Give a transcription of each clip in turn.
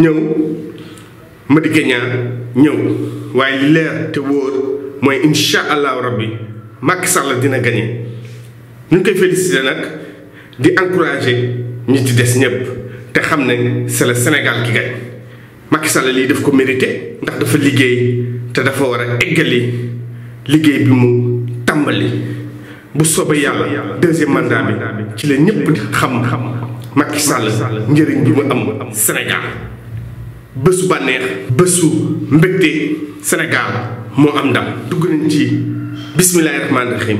ñëw Madické Niang ñëw waaye li leer te wóor mooy incha allahu rabbi Macky Sall dina gagné ñu ngi koy félicité nag di encouragé ñu ci des ñëpp te xam ne c'est le Sénégal ki gañ Macky Sall lii daf ko mérité ndax dafa liggéey te dafa war a eggali liggéey bi mu tàmbali bu soobee yàlla deuxième mandat bi ci la ñëpp di xam-xam Macky njëriñ bi mu am Sénégal bësu bànneex bésu mbégte Sénégal moo am ndam dugg nañ ci bismillahi rahmaani rahim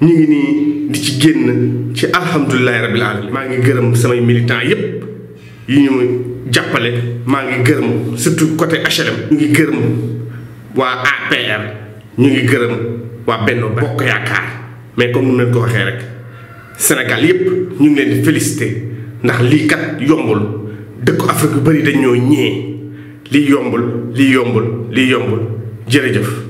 ñu ngi nii di ci génn ci alhamdulilahi rabil alamin maa ngi gërëm samay militants yépp yi ñu jàppale maa ngi gërëm surtout côté HLM ñu ngi gërëm waa APR ñu ngi gërëm waa Benno Bokk Yaakaar mais comme nu leen ko rek senegal yépp ñu ngi leen di félicité ndax lii kat yombul dëkku Afrique bu bëri dañ ñoo ñee lii yombul lii yombul lii yombul jërëjëf.